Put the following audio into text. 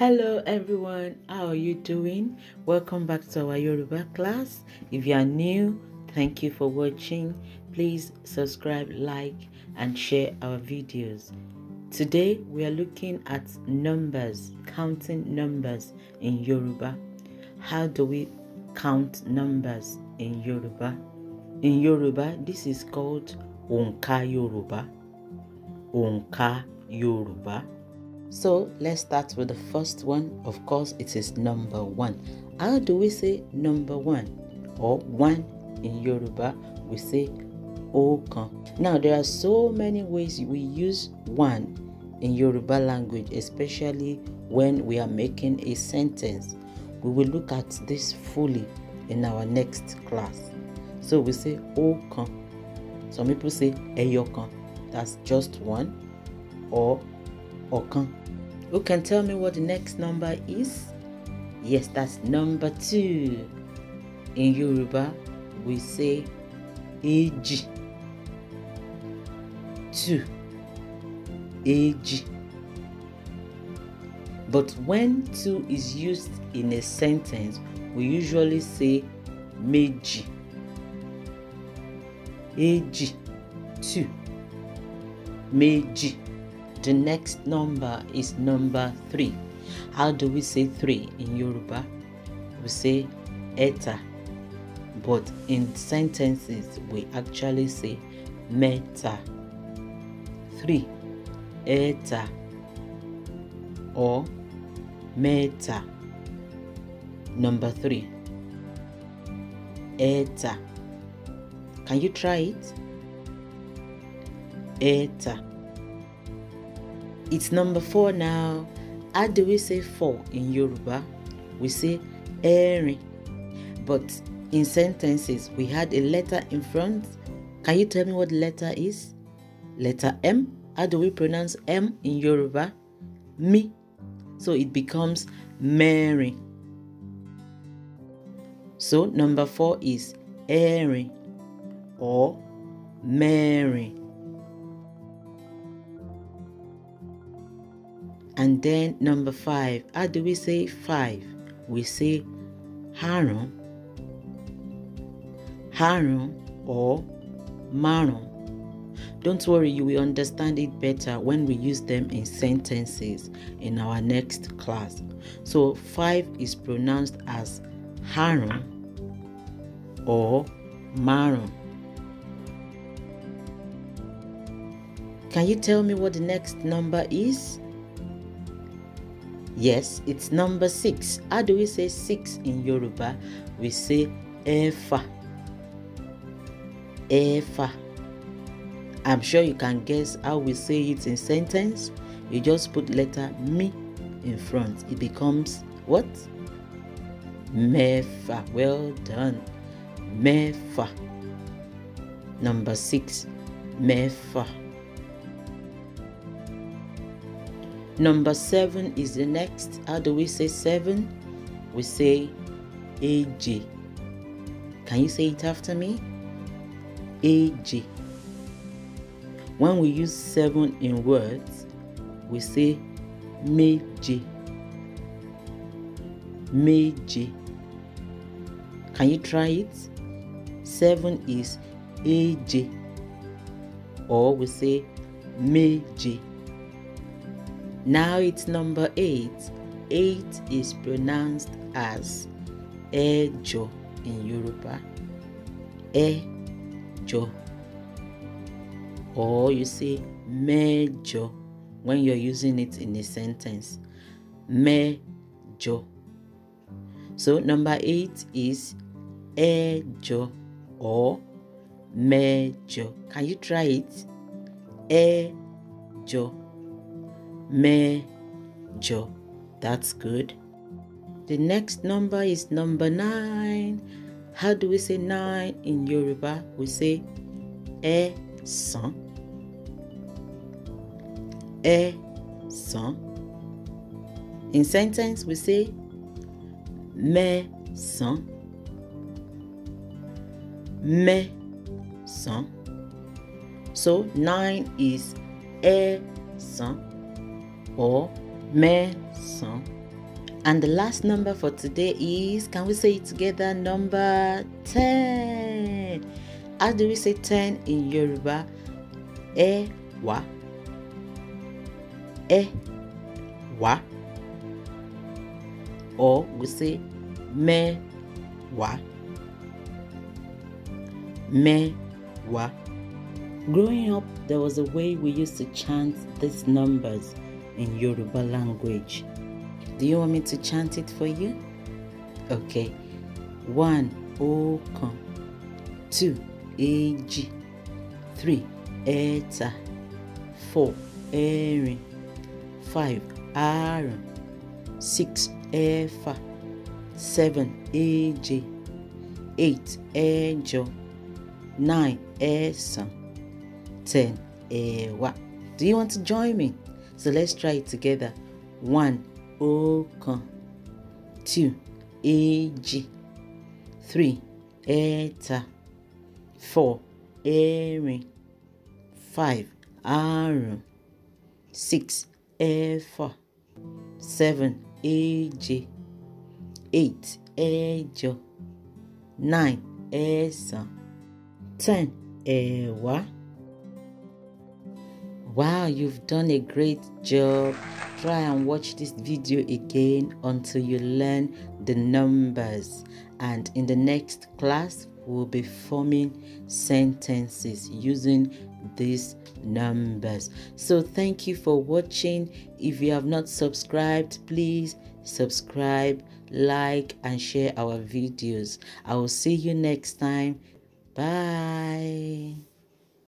Hello everyone, how are you doing? Welcome back to our Yoruba class. If you are new, thank you for watching. Please subscribe, like, and share our videos. Today we are looking at numbers, counting numbers in Yoruba. How do we count numbers in Yoruba? In Yoruba, this is called Onka Yoruba. Onka Yoruba. So let's start with the first one. Of course, it is number one. How do we say number one or one in Yoruba? We say okan. Now, there are so many ways we use one in Yoruba language, especially when we are making a sentence. We will look at this fully in our next class. So we say okan. Some people say eyokan. That's just one. Or ọ̀kan. Who can tell me what the next number is? Yes, that's number two. In Yoruba, we say èjì. Two. Èjì. But when two is used in a sentence, we usually say meji. Èjì. Two. Meji. The next number is number three. How do we say three in Yoruba? We say eta, but in sentences we actually say meta. Three, eta, or meta. Number three, eta. Can you try it? Eta. It's number four now. How do we say four in Yoruba? We say erin. But in sentences, we had a letter in front. Can you tell me what letter is? Letter M. How do we pronounce M in Yoruba? Me. So it becomes Mary. So number four is erin or Mary. And then number five, how do we say five? We say harun, harun or marun. Don't worry, you will understand it better when we use them in sentences in our next class. So five is pronounced as harun or marun. Can you tell me what the next number is? Yes, it's number six. How do we say six in Yoruba? We say Ẹ̀fà. Ẹ̀fà. I'm sure you can guess how we say it in sentence. You just put letter "me" in front. It becomes what? Mẹ́fà. Well done. Mẹ́fà. Number six. Mẹ́fà. Number seven is the next. How do we say seven? We say AJ. Can you say it after me? AJ. When we use seven in words, we say Meji. Meji. Can you try it? Seven is AJ. Or we say Meji. Now it's number 8. 8 is pronounced as Ejo in Yoruba. Ejo. Or you say Mejo when you're using it in a sentence. Mejo. So number 8 is Ejo or Mejo. Can you try it? Ejo jo, That's good. The next number is number nine. How do we say nine in Yoruba? We say é son. In sentence, we say mé mé son. So nine is son or mesan. And the last number for today is, can we say it together? Number 10. How do we say 10 in Yoruba? Ẹ̀wá. Ẹ̀wá. Or we say me wa. Growing up, there was a way we used to chant these numbers. in Yoruba language. Do you want me to chant it for you? Okay. One, ọ̀kan. Two, èjì. Three, Eta, Four, Erin, Five, àrún. Six, Efa, Seven, èje. Eight, ẹ̀jọ. Nine, Esan, Ten, Ewa. Do you want to join me? So let's try it together. One, ọ̀kan. Two, èjì. E Three, ẹ̀ta. Four, ẹ̀rin. Five, àrún. Six, ẹ̀fà. Seven, èje. Eight, ẹ̀jọ. Nine, ẹ̀sán. Ten, ẹ̀wá. E wow you've done a great job try and watch this video again until you learn the numbers and in the next class we'll be forming sentences using these numbers so thank you for watching if you have not subscribed please subscribe like and share our videos i will see you next time bye